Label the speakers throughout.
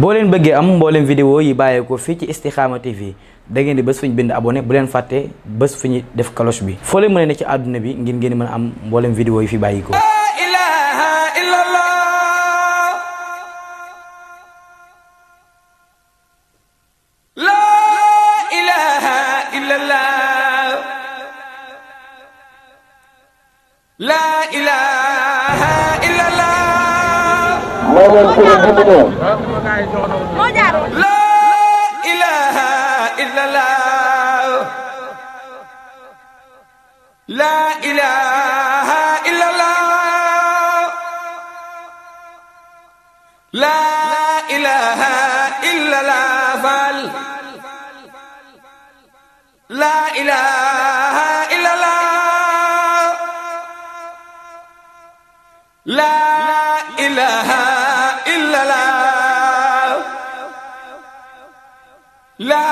Speaker 1: boo leen bëggee am mbooleem vidéo yi bàyyeekoo fii ci Istikhama TV da ngeen di bés fu ñu bind abonné bu leen fàtte bés fu ñu def cloche bi foo leen mën ne ci àdduna bi ngir ngeen mën a am mbooleem vidéo yi fi bàyyikoo
Speaker 2: la moo jaaroon la ilaha illallah la ilaha illallah la ilaha illallah fal la ilaha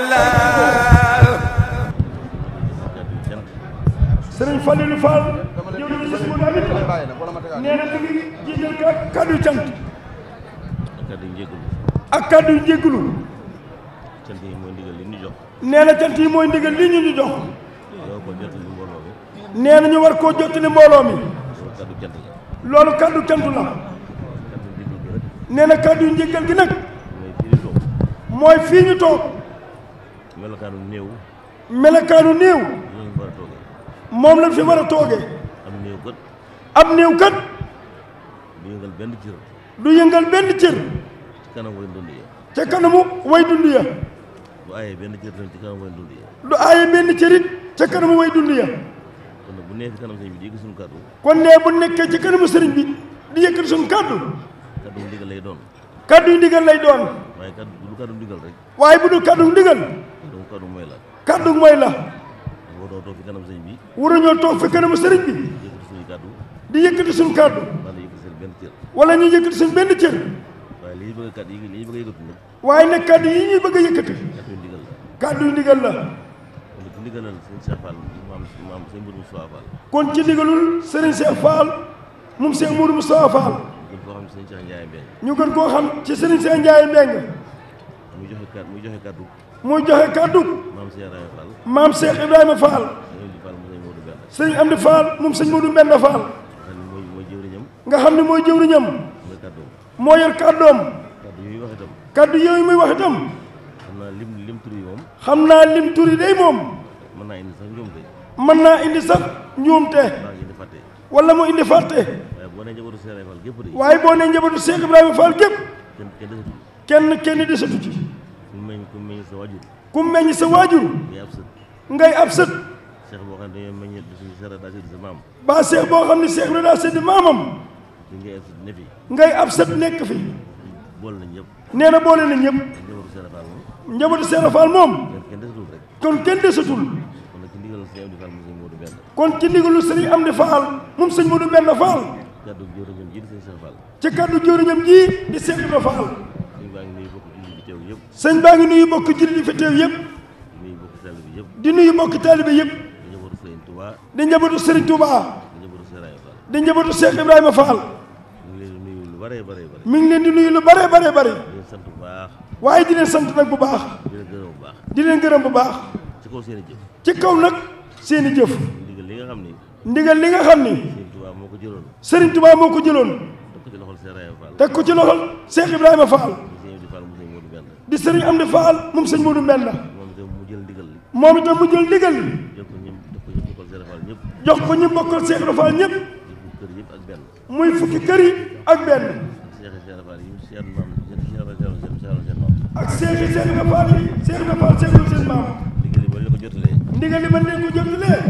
Speaker 2: illallah sëriñ Falilou Fall
Speaker 1: ñëw na gis mu damit nee na mi ngi jiital ka kaddu cant
Speaker 3: ak mooy ndigal li ñu jox nee na cant yi mooy ndigal li ñu jox nee na ñu war koo
Speaker 1: jottali mbooloo mi loolu kaddu cant la
Speaker 3: nee na kaddu njéggal gi nag mooy fii ñu melokaanu néew.
Speaker 1: melokaanu néew.
Speaker 3: moom la fi war a toogee. am néew kat.
Speaker 1: am néew kat.
Speaker 3: du yëngal benn cër.
Speaker 1: du yëngal benn cër.
Speaker 3: ci kanam way dund ya. ca kanamu way dund du aaye benn cër ci kanamu way dund
Speaker 1: benn cër ca kanamu way dund ya.
Speaker 3: kon bu nekk ci kanamu sëriñ bi
Speaker 1: di yëkkati suñu kon
Speaker 3: ne bu nekkee ci kanamu sëriñ bi di yëkkati suñu kàddu. kàddu ndigal lay doon.
Speaker 1: kàddu ndigal lay doon.
Speaker 3: waaye kàddu bu dul rek. waaye bu dul kàddu ndigal. kaddu mooy la. waroo toog fi kanam sëriñ bi. waruñoo toog fi kanamu sëriñ bi.
Speaker 1: di yëkkati suñu kaddu. wala ñu yëkkati suñu benn cër.
Speaker 3: waaye li ñuy bëgg kaddu yi ñuy bëgg a yëkkati nag. waaye nag kaddu yi ñuy bëgg a yëkkati. kaddu yu ndigal la. kon ci ndigalul sëriñ Cheikh Fall moom Cheikh Mourou Moustapha Fall. ñu gën koo xam ci sëriñ Cheikh Ndiaye Mbengue. muy joxe kaddu. muy joxe kaddu. maam Cheikh Ibrahima Fall.
Speaker 1: sëñ Amdi Fall moom sëñ Modou Mbenda Fall. nga xam ne mooy jëwriñam. moo yor kàddoom.
Speaker 3: kàddu yooyu muy wax itam. xam naa lim lim tur yi moom. xam naa lim tur yi day moom. mën naa indi sax njuumte.
Speaker 1: mën naa indi sax
Speaker 3: njuumte. wala mu indi fàtte. waaye boo nee
Speaker 1: njabootu Cheikh Ibrahima Fall gépp. kenn kenn desatu ci. ku
Speaker 3: meñ ku meñ sa wajur. ku meññ sa waajur. ngay ab sët. seex boo xam ne meññ seex daa sedd sa maam. ba seex boo xam ne seex bi maamam. na ñëpp. nee na boole na ñëpp. njabootu Seex Faal moom. njabootu Seex Faal moom. kon kenn desatul rek. kon kenn desatul. kon ci ndigalu sëriñ Amdi Faal moom sëñ Moodu Benn Faal.
Speaker 1: ci kàddu jóoru ñoom ji di Seex Faal. sëñ baa ngi nuyu bokk jullit yi fi teew yëpp. di nuyu bokk taalibe yëpp. di nuyu bokk taalibe yëpp. di njabootu Serigne Touba. di njabootu Serigne Touba. di njabootu Cheikh Ibrahima Fall.
Speaker 3: di njabootu Cheikh lu bare bare
Speaker 1: bare. mi ngi leen di nuyu lu bare bare bare. di leen sant bu baax. waaye bu baax. di leen gërëm bu baax. di leen seen i ci kaw nag seen jëf. ndigal li xam ni. ndigal li nga xam ni. Serigne moo ko jëloon. Serigne Touba moo ko jëloon. teg ko ci loxol Cheikh Ibrahima Fall di sëriñ Amdi Faal moom sëñ Moodu Mbenda
Speaker 3: moom itam mu jël ndigal li
Speaker 1: moom itam mu jël ndigal li
Speaker 3: jox ko ñu bokkal Seex Ibra Faal ñëpp muy fukki kër yi ak benn ak seexi Seex Ibra Faal yi Seex Ibra Faal seexul seen maam ndigal li ba leen ko jotalee ndigal li ba leen ko jotalee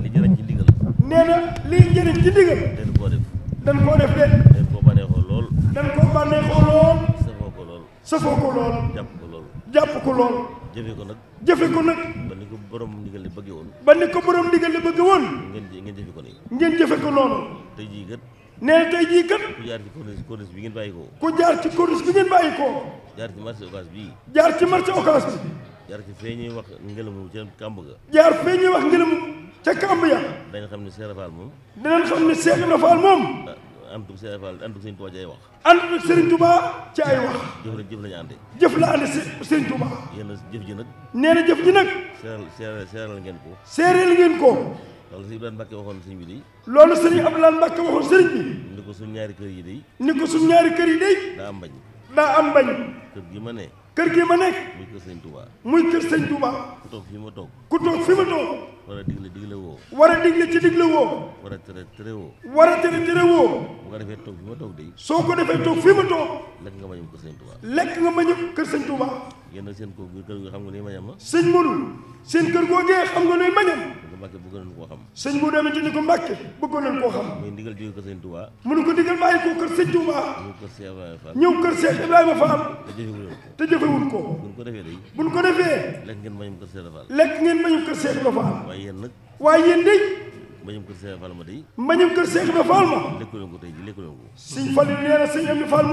Speaker 3: li jëriñ ci ndigal
Speaker 1: nee na liy njëriñ ci ndigal dañ koo def dañ koo def de dañ
Speaker 3: koo bànneexoo lool
Speaker 1: dañ koo bànneexoo lool
Speaker 3: safoo ko lool jàpp ko lool jàpp ko jëfe ko nag jëfe ko nag ba ni ko borom ndigal li bëgge ba ni ko borom ndigal li bëgge woon ngeen ngeen jëfe ko nii ngeen jëfe ko loolu tey jii kat
Speaker 1: nee tey jii kat
Speaker 3: ku jaar ci corniche bi ngeen bàyyi ko ku jaar ci corniche bi ngeen bàyyi ko jaar ci marché occas bi jaar ci fee ñuy wax ngelamu ca kàmb ga jaar fee ñuy wax ngelamu ca kàmb ya dañ xam ne Seex Ibra moom danañ xam ne Seex Ibra Faal moom ah, àndug Serigne Fall àndug Serigne Touba ci ay wax. àndug Serigne Touba ci ay wax. jëf la jëf la ñu ànde. jëf la ànde Serigne Touba. yéen jëf ji nag. nee na jëf ji nag. seeral seeral ngeen ko. seeral ngeen ko. loolu sëñ Abdoulaye Mbacke waxoon sëñ bi day loolu sëriñ bi ni ko suñ ñaari kër yi day ni ko suñ ñaari kër yi day daa am bañ daa am bañ kër gi ma ne kër gi ma nekk. muy kër sëñ Touba. muy kër sëñ Touba. ku toog fi ma toog. ku toog fi ma toog. war a digle digle woo. war a digle ci digle woo. war a tere tere woo. war a tere woo. bu ko defee toog fi ma toog de. soo ko defee toog fi ma toog. lekk nga ma ñëw kër sëñ Touba. lekk nga ma ñëw kër sëñ Touba. yéen seen kër kër goo xam nga nuy mañam ma sëñ Moodu seen kër googee xam nga nuy mañam ñu ko Mbàkke bëgg nañ koo xam
Speaker 1: sëñ Moodu amit ni ko Mbàkke bëggoon nañ koo xam
Speaker 3: muy ndigal ko sëñ Touba
Speaker 1: mu ne ko ndigal bàyyi ko kër
Speaker 3: sëñ Touba ñëw kër Cheikh Ibrahima Fall te jëfewul ko buñ ko defee day buñ ko defee lekk ngeen mañum kër Cheikh Ibrahima lekk ngeen mbañum kër Cheikh Fall ma day mbañum kër Cheikh Ibrahima Fall ma lekkuleen ko tey ji lekkuleen ko sëñ Fall nee na sëñ Amdi Fall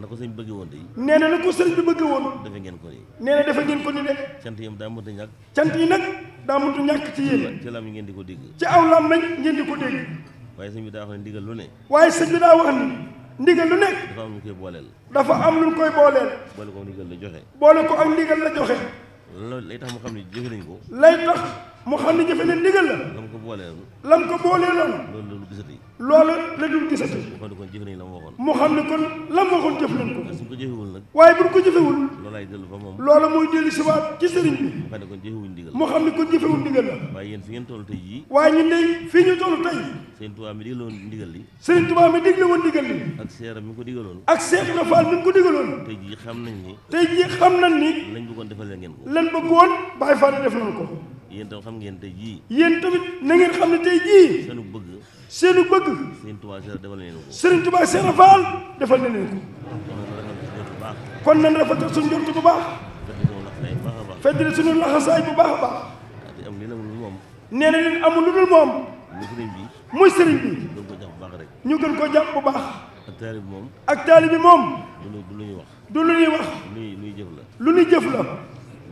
Speaker 3: na ko sëñ bëggee woon de. nee na na ko sëñ bi bëgg woon. defe ngeen ko nii. nee defe ngeen ko nii de. cant yi daa mënut a ñàkk. cant yi nag daa mënut ñàkk ci yéen. ci lam yi ngeen di ko dégg.
Speaker 1: ci aw lam nañ ngeen di ko dégg.
Speaker 3: waaye sëñ bi daa wax ne ndigal lu ne.
Speaker 1: waaye sëñ bi daa wax ne. ndigal lu nekk.
Speaker 3: dafa am lu koy booleel. dafa am lu koy booleel. boole ko ak ndigal la joxe. boole ko ak ndigal la joxe. lay tax mu xam ne joxe nañ ko. lay tax. mu xam ne jëfe na ndigal la lam ko booleeloon lam ko booleeloon loolu la dul gisati
Speaker 1: loolu la dul gisati
Speaker 3: mu xam ne kon jëfe nañ la mu waxoon mu xam
Speaker 1: ne kon lam waxoon jëf nañ ko
Speaker 3: suñ ko jëfewul nag waaye buñ ko jëfewul loolaay dellu fa moom loola mooy dellu si waat ci sëriñ bi mu xam ne kon jëfewuñ ndigal mu xam ne kon jëfewul ndigal la waaye yéen fi ngeen toll tey jii waaye ñun de fii ñu toll tey sëriñ Tuubaa mi digle woon ndigal li sëriñ Tuubaa mi digle woon ndigal li ak seeram mi ko digaloon ak seex na faal mi ko digaloon tey jii xam nañ ni
Speaker 1: tey jii xam nañ ni
Speaker 3: lañ bëggoon defal leen ngeen ko lañ
Speaker 1: bëggoon bàyyi faal def nañ ko
Speaker 3: yéen tam xam ngeen tey jii.
Speaker 1: yéen tamit na ngeen xam ne tey jii. seenu bëgg. seenu bëgg.
Speaker 3: Serigne Touba Cheikh defal na leen ko.
Speaker 1: Serigne Touba Cheikh Fall defal na leen ko. kon nan rafetal suñu jot bu baax.
Speaker 3: feddali suñu laxasaay
Speaker 1: bu baax a baax. nee na leen amul lu dul moom.
Speaker 3: muy Serigne bi.
Speaker 1: ñu gën koo jàpp bu baax.
Speaker 3: ak taali bi moom. ak taali bi moom. du lu ñuy wax. du lu ñuy wax. lu ñuy jëf la. lu ñuy jëf la.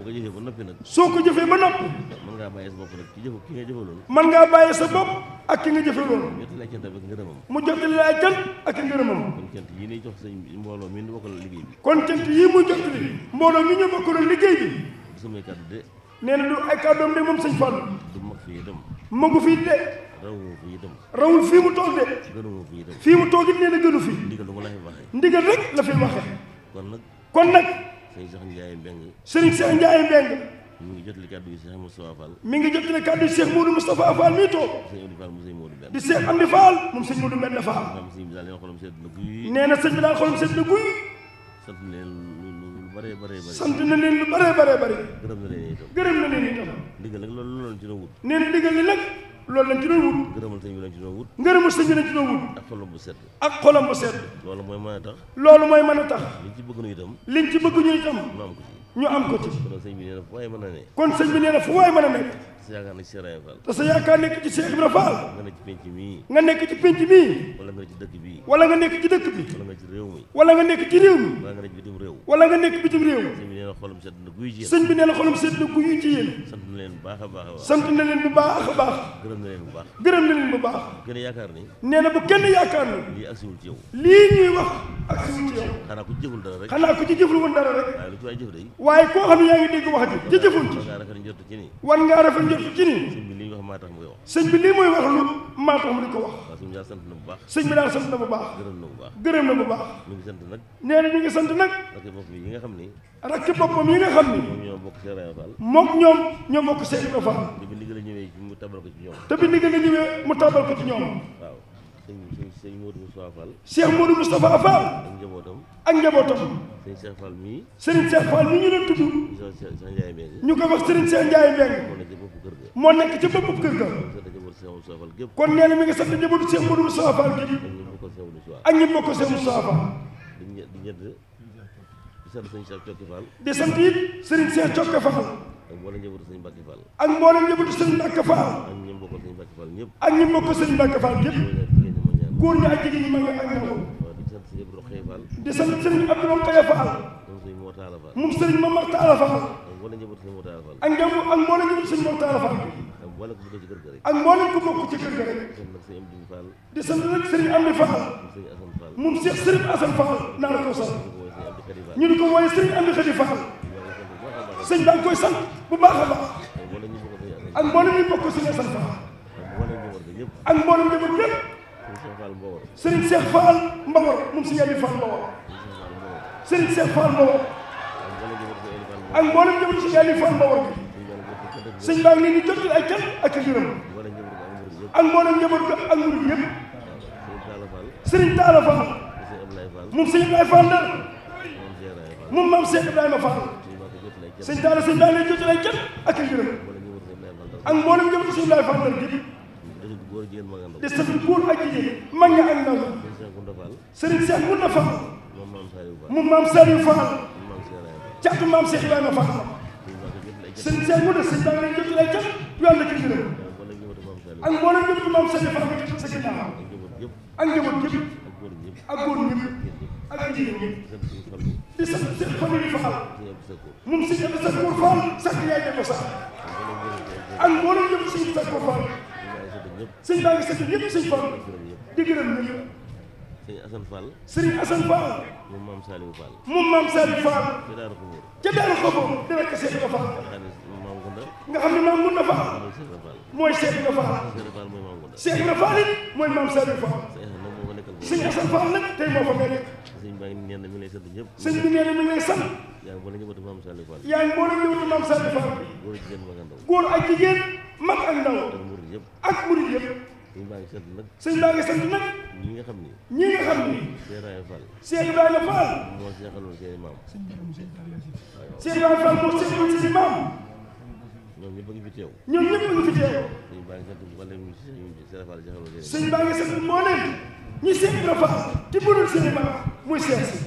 Speaker 3: ko jëfee ba noppi nag soo ko jëfee ba noppi mën ngaa bàyyi sa bopp nag ki jëf ki nga jëfaloon mën ngaa bàyyi sa bopp ak ki nga jëfaloon mu jottali la cant ak ngërëmam mu jottali la cant ak ngërëmam kon cant yi ni jox sëñ mbooloo mi ñu bokkal liggéey bi kon cant yi mu jottali
Speaker 1: mbooloo mi ñu bokkal liggéey bi
Speaker 3: du samay kàddu de
Speaker 1: nee na du ay kàddoom de moom sëñ Fall
Speaker 3: du mag fii itam
Speaker 1: magu fii de
Speaker 3: rawul fii itam
Speaker 1: rawul fii mu toog de
Speaker 3: gënu fii itam fii mu toog it nee na gënu fii ndigal rek la fi waxee kon nag kon nag sëriñ Cheikh Ndiaye Mbeng sëriñ Cheikh Ndiaye Mbeng mi ngi jotali kàddu yi Cheikh Moustapha Fall mi ngi jotali kàddu yi Cheikh Moudou Moustapha Fall mii toog sëriñ Amdi Fall mu sëriñ Moudou Mbend di Cheikh Amdi Fall moom sëriñ Moudou Mbend Fall sëriñ bi daal leen xolam sedd na guy nee na sëriñ bi daal xolam sedd na guy sant na leen lu bare bare bare sant na leen lu bare bare bare gërëm na leen itam gërëm na leen itam ndigal nag loolu loolu ci doon wut
Speaker 1: nee na ndigal li nag loolu lañ ci doon wut
Speaker 3: ngërëmal sëñ bi lañ ci doon wut ngërëmal sëñ bi lañ ci doon wut ak xolam bu sedd ak xolam bu sedd loolu mooy mën a tax loolu mooy mën a tax liñ ci bëgg ñu itam liñ ci bëgg ñu itam ñu am ko ci ñu am ko ci kon sëñ bi nee na fu waay mën a ne kon sëñ bi nee na fu waay mën a nekk yaakaar na ci Cheikh Ibrahima Fall. te sa yaakaar nekk ci Cheikh Ibrahima Fall. nga nekk ci penc mii. nga nekk ci penc mii. wala nga nekk ci dëkk bii. wala nga nekk ci dëkk bi. wala nga ci réew mi. wala nga nekk ci réew mi. wala nga nekk bitim réew. wala nga nekk bitim réew. sëñ bi nee na xolam sedd na guy ci yéen. sëñ bi nee na xolam sedd na guy ci yéen. sant na leen bu baax a baax a baax. sant na leen bu baax a baax. gërëm na leen bu baax.
Speaker 1: gërëm na leen bu baax. kenn yaakaar ni. nee na bu kenn yaakaar ni. lii agsiwul ci yow. lii ñuy wax
Speaker 3: agsiwul ci yow. xanaa ku ci jëful dara rek. xanaa ku
Speaker 1: ci jëful woon dara
Speaker 3: rek. waaye lu ci waay jëf day.
Speaker 1: waaye koo xam ne yaa ngi dégg wax ji ci jëful ci. war ngaa rafet njort ci ni. war ngaa rafet
Speaker 3: jëf ci nii. sëñ bi lii wax maa tax mu koy wax. sëñ bi lii mooy wax
Speaker 1: lu maa tax mu di ko wax. waaw
Speaker 3: sëñ bi daal sant na bu baax. sëñ bi daal sant na bu baax. gërëm na bu baax gërëm na bu baax. ñu ngi sant nag. nee na ñu ngi sant nag. rakki boppam yi nga xam ni. rakki boppam yi nga xam ni. moom ñoo bokk Cheikh Ibrahima Fall. moom ñoom ñoo bokk Cheikh Ibrahima Fall. te bi ndigal a ñëwee mu tabal ko ci ñoom. te bi ndigal a ñëwee mu tabal ko ci ñoom. waaw sëñ sëñ Modou Moustapha Fall. Cheikh Modou Moustapha Fall. ak njabootam ak njabootam sëriñ Cheikh Fall mii. sëriñ Cheikh Fall mii ñu doon tudd. ñu koy wax sëriñ Cheikh Ndiaye Mbengue. moo nekk ci boppam kër kon nee na mi ngi sant njabootu Cheikh Modou Moustapha Fall gi. ak ñi bokk Cheikh Moustapha Fall. di ñett di sant sëriñ Cheikh Cokke Fall. di sant it sëriñ Cheikh Cokke Fall. ak mboolem njabootu sëriñ ñëpp. ak ñi Xëy Fall di sant sëriñ Abdou Mame Xëy Fall moom sëriñ Mor Talla Fall moom sëriñ Mame Mor Talla Fall ak mboolem njabootu sëriñ Mor Talla Fall ak njabootu ak mboolem njabootu sëriñ Mor Talla Fall ak mboolem ku bokk ci kër ga rek ak mboolem ku bokk ci kër ga rek di sant nag sëriñ Amdi Fall moom Cheikh sëriñ Assane Fall naa la ko sant ñu di ko wooye
Speaker 1: sëriñ Amdi Xëy Fall sëñ baa ngi koy sant bu baax a baax ak
Speaker 3: mboolem
Speaker 1: ñu bokk sëriñ Assane Fall ak mboolem njaboot yëpp Serigne Cheikh Fall Mbawar moom si Yali Fall Mbawar Serigne Cheikh Fall Mbawar ak mboolem jëmale si Yali Fall Mbawar bi sëñ baa ngi leen di jotul ay kenn ak ngërëm ak mboolem njaboot ga ak murid yëpp Serigne Talla Fall moom sëñ Ibrahima Fall la moom maam Cheikh Ibrahima Fall sëñ Talla sëñ baa ngi leen di jotul ay kenn ak ngërëm ak mboolem jëmale si Ibrahima Fall la
Speaker 3: góor jigéen mag ak ndaw. des na góor ak jigéen mag nga ak ndaw. Serigne Cheikh Ngounda Fall. moom maam Saliou Fall. moom maam Saliou Fall.
Speaker 1: caatu maam Cheikh Ibrahima Fall. Serigne Cheikh Ngounda Fall da ngay jot lay jot yoon la ci gërëm. ak mboolem ñëpp maam Saliou Fall nga jot sa ginnaaw. ak njaboot
Speaker 3: yëpp. ak góor ñëpp. ak jigéen ñëpp. di sant seen famille Fall. moom si ñebe sa góor Fall
Speaker 1: sax yaay def ko sax. ak mboolem ñëpp si ñebe sa góor Fall.
Speaker 3: sëñ baa ngi sant ñëpp sëñ Fall
Speaker 1: di gërëm ñëpp
Speaker 3: sëñ Assane Fall maam Saliou Fall moom maam Saliou Fall ca Daaru na Fall mooy seeti nga Fall mooy maam Saliou Fall sëñ baa ngi nee na mi lay sant ñëpp sëñ bi nee na mi lay sant yaa ngi boole njabootu maam Saliou Fall yaa ngi boole njabootu maam Saliou Fall góor ak jigéen mag ak ndaw ak murid yëpp sëñ baa ngi sant nag sëñ baa ngi sant nag ñi nga xam ni ñi nga xam ni Cheikh Ibrahima Fall Cheikh Ibrahima Fall moo seexaloon seen maam Cheikh Ibrahima Fall moo seexaloon seen maam ñoom ñëpp a ngi fi teew ñoom ñëpp a ngi fi teew sëñ baa ngi sant wala Cheikh Fall seexaloon seen sëñ baa ngi sant moo leen
Speaker 1: ñi Cheikh Ibrahima Fall te bëdul seen maam muy seex si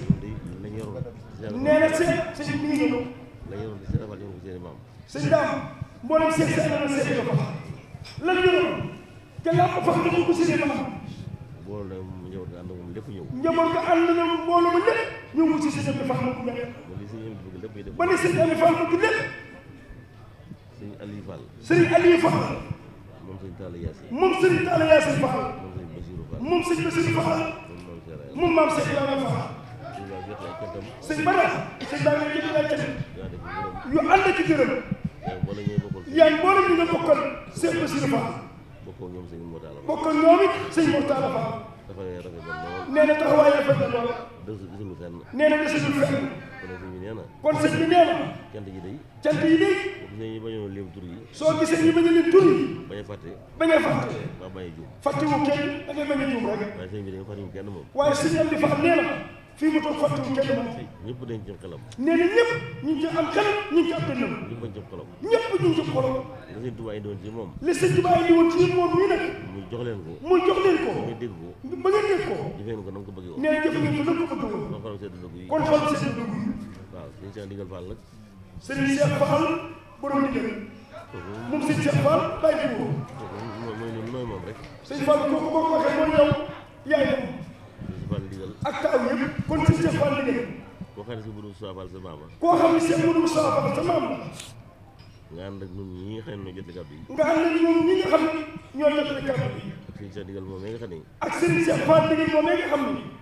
Speaker 3: nee na seex sëñ mi ngi ñëw la yoroon di Cheikh Fall ñoom ko seen maam sëñ daam mboolem seet si amoon na seet yoo xam lan yoroon te laa ko fax dafa ko séddee ba xam. mboolem njaboot ga ànd moom lépp ñëw. njaboot
Speaker 1: ga ànd na mbooloo ba lépp ñëw mu si si dem dafa xam ko ñëw.
Speaker 3: ba li si dem dafa bëgg lépp. sëñ Aliou Fall. sëñ Aliou Fall. moom sëñ Talla Yacine. moom sëñ Talla Yacine Fall. moom sëñ Bassirou Fall. moom maam Cheikh Ibrahima Fall. sëñ Bada sëñ Bada yu ànd ci gërëm. yaa ngi mboolem ñu nga bokkal seen Basiru Faal bokkoo ñoom sëñ bokkoo ñoom it sëñ Mortala Faal dafa nee rafet na lool nee na taxawaay rafet na lool dësu gisuñu fenn nee na gisuñu fenn kon sëñ bi nee na kon sëñ bi nee na cant yi day cant yi day bañ
Speaker 1: moom waaye sëñ am fa am nee na fii mu toog fàttali kenn moom ñëpp dañ ci xelam nee na ñëpp ñu ngi ci am xelam ñu ngi ci am dënnam ñëpp dañ ci xelam ñëpp ñu ngi ci xelam la
Speaker 3: sëñ Tuubaa indi woon ci moom la sëñ Tuubaa indi woon ci moom mii nag muy jox leen ko muy jox leen ko nga dégg ko ba ngeen dégg ko jëfee ko na nga ko bëggee woon nee na jëfe ngeen ko na nga ko bëggee woon kon xolam seen dugg yi kon xolam seen dugg yi waaw sëñ Cheikh Ndigal Fall nag sëñ Cheikh Fall borom ndigal moom sëñ Cheikh Fall bàyyi ko mooy noonu mooy moom rek sëñ Fall kooku boo ko waxee mooy yow yaay moom Fall ndigal ak taaw yëpp kon sëñ Cheikh Fall ndigal koo xam ne si mënum soifal sa maam koo xam ne si mënum soifal sa maam nga ànd ak ñun ñi nga xam ñoo jot kàddu yi nga ànd nga xam ne ñoo jot kàddu yi ak sëñ Cheikh ndigal moom nga xam ne ak sëñ Cheikh Fall nga xam ne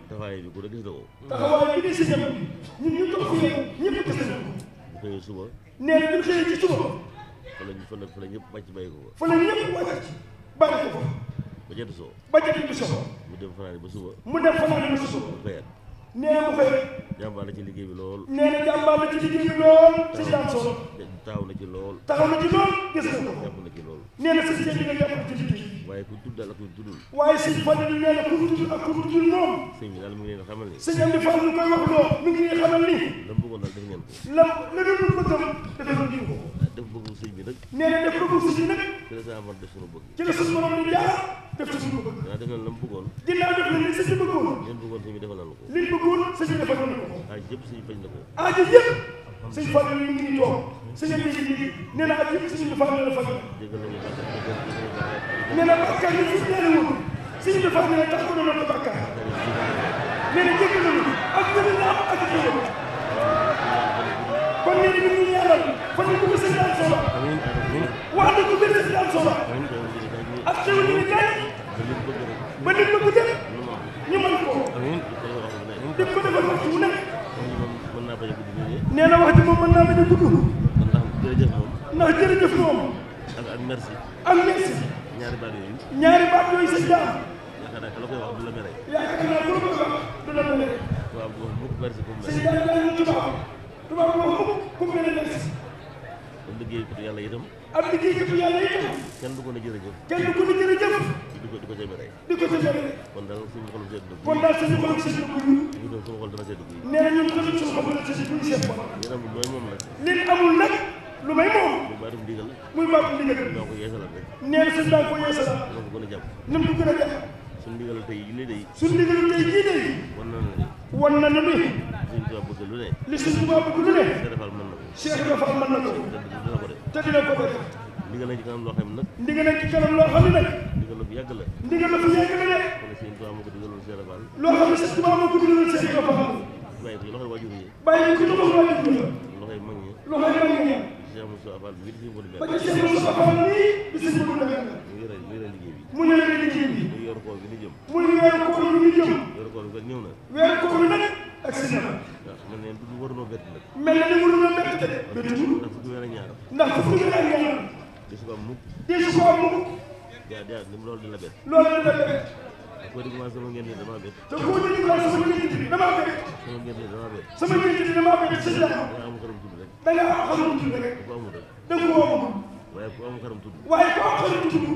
Speaker 3: taxawaay bi ku la gis na ko taxawaay bi gis na ko ñun ñu toog fi ñëpp gis na ko bu xëyee suba nee bu xëyee suba fa la fa la fa la ñëpp wàcc bàyyi ko fa fa ko ba jant soo ba jant bi mu dem fanaani ba suba. mu dem fanaani ba suba. xëyaat nee mu xëy. jàmbaar la ci liggéey bi lool. nee na jàmbaar la ci liggéey bi lool. si daan solo taxaw na ci lool. taxaw na ci lool gis nga ko. jàpp na ci lool. nee na sëñ bi nga jàpp ci liggéey bi. waaye ku tudd daal ak ku tuddul. waaye sëñ Fallou nee na ku tudd ak ku tuddul moom. sëñ bi daal mu ngi leen xamal ni. sëñ Amdi Fall ñu koy wax loo mi ngi leen xamal ni. lam bëggoon daal def ngeen ko. lam la ngeen doon bëggam defee ko jiw ko. def bëggu sëñ bi nag. nee na def bëggu sëñ bi nag. ci la saa mën def suñu bëgg. ci la suñu borom di jaar
Speaker 1: def ci suñu bëgg.
Speaker 3: dinaa def na la mu bëggoon. dinaa def na li si si bëggoon. li mu bëggoon suñu defal na ko. li mu bëggoon
Speaker 1: suñu defal na ko.
Speaker 3: aaj yëpp suñu faj na ko.
Speaker 1: aaj yëpp suñu faj yi ngi nii toog suñu ngi nii nee naa yëpp suñu faj la faj. déggal nañu bàkkaar nee na bàkkaar yi suñu nee na wut suñu defal nee na tax ko doon na bàkkaar. nee na jéggal nañu ak ñu la am ak ñu kon nee na ñu ngi ñaanal fan yi ko sëñ daal solo. wax na ko gën a si daal
Speaker 3: solo ak xew ni ñu
Speaker 1: ba nit la ko jëlee ñu mën ko
Speaker 3: di ko defal waxtu wu nekk nee na wax ji moom mën naa bañ a gudd ndax jërëjëf moom ak ak merci ak merci ñaari baat yooyu ñaari baat yooyu sa jaam yaakaar naa la koy wax du la mere yaakaar naa la koy wax du la mere waaw bu bu
Speaker 1: merci bu merci sëñ bi daal tubaab ku mere merci liggéey ab liggéeykatu yàlla yi tam. kenn du ko kenn du na ñun tamit suñu xol dana
Speaker 3: na suñu daan ko yeesalal. na ko gën a jàpp. na ko gën a jàpp. suñu ndigal tey yi lii day. na ne. wan na ne. li suñu na ko. Cheikh Ibra na ko. te dina ko def. ndigal nañ ci kanam loo xam ne ndigal nañ ci kanam loo xam ne ndigal bu yàgg la. ndigal bu yàgg la de. wala seen tubaab moo ko digaloon Cheikh Ibra Fall. loo xam ne ko digaloon Cheikh Ibra Fall. bàyyi ko ci loxoy waajur yi. bàyyi ko ci loxoy waajur yi. loxoy bi sëñ Modou Mbène. ci Cheikh Moussa Fall bi sëñ Modou Mbène. mu yore mu yore mu yore liggéey bi. muy yor koor bi ñu jëm. muy yor koor bi ñu ñëw na. weer koor bi nag ak si mel na ni waruloo bett nag. mel na ni waruloo bett de. ja ja loolu dina bett. loolu dina bett. te koo di commencé sama ngeen damaa bett. te koo di commencé sama ngeen damaa bett. sama ngeen damaa bett. sama ngeen damaa bett si la. da nga am xarum tudd rek. da nga am xarum tudd rek. da ko amul rek. da ko amul. waaye ku am xarum tudd. waaye ku am xarum tudd.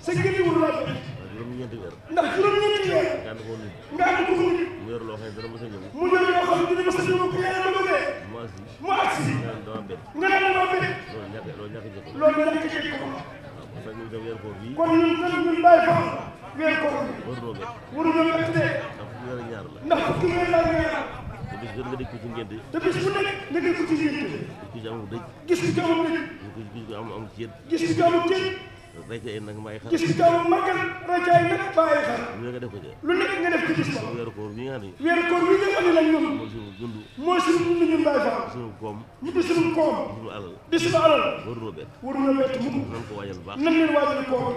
Speaker 3: sa ngeen wër laa bett. sa juróom-ñeenti weer. ndax juróom-ñeenti weer. nga ànd koo nit. nga ànd koo nit. mu yor loo xam ne dana mos a ñëw. mu yor loo xam ne dana mos a ñëw ku yàlla dogalee. mu agsi. mu agsi. nga naan dama bett. nga naan dama bett. loolu ñàkk loolu ñàkk jëkk. loolu ñàkk jëkk. waaw parce que ñun tam weer koor
Speaker 1: bii. kon ñun tam ñun bàyyi ko. weer koor bi. waruloo bett. waruloo
Speaker 3: bett de. ndax fukki weer ak ñaar la. ndax fukki weer ak ñaar la. te bis bu nga dégg ko ci ngénte. te bis bu
Speaker 1: nekk nga dégg ko ci ngénte.
Speaker 3: gis ko ci amul dëj. gis ko ci amul dëj. gis ko ci amul am ceet. gis ko ci amul ceet. rajaay nag ma ay xar gis nga magal rajaay nag ma ay xar lu nekk def ko ci lu nekk nga def ko gis nga weeru koor wi nga xam ne weeru
Speaker 1: koor wi nga xam ne la ñun mooy suñu dund mooy suñu dund ñun Baay Faal
Speaker 3: suñu koom ñu di suñu koom di suñu alal di suñu alal waruloo bett waruloo bett mukk nan ko waajal baax nan leen
Speaker 2: waajal koor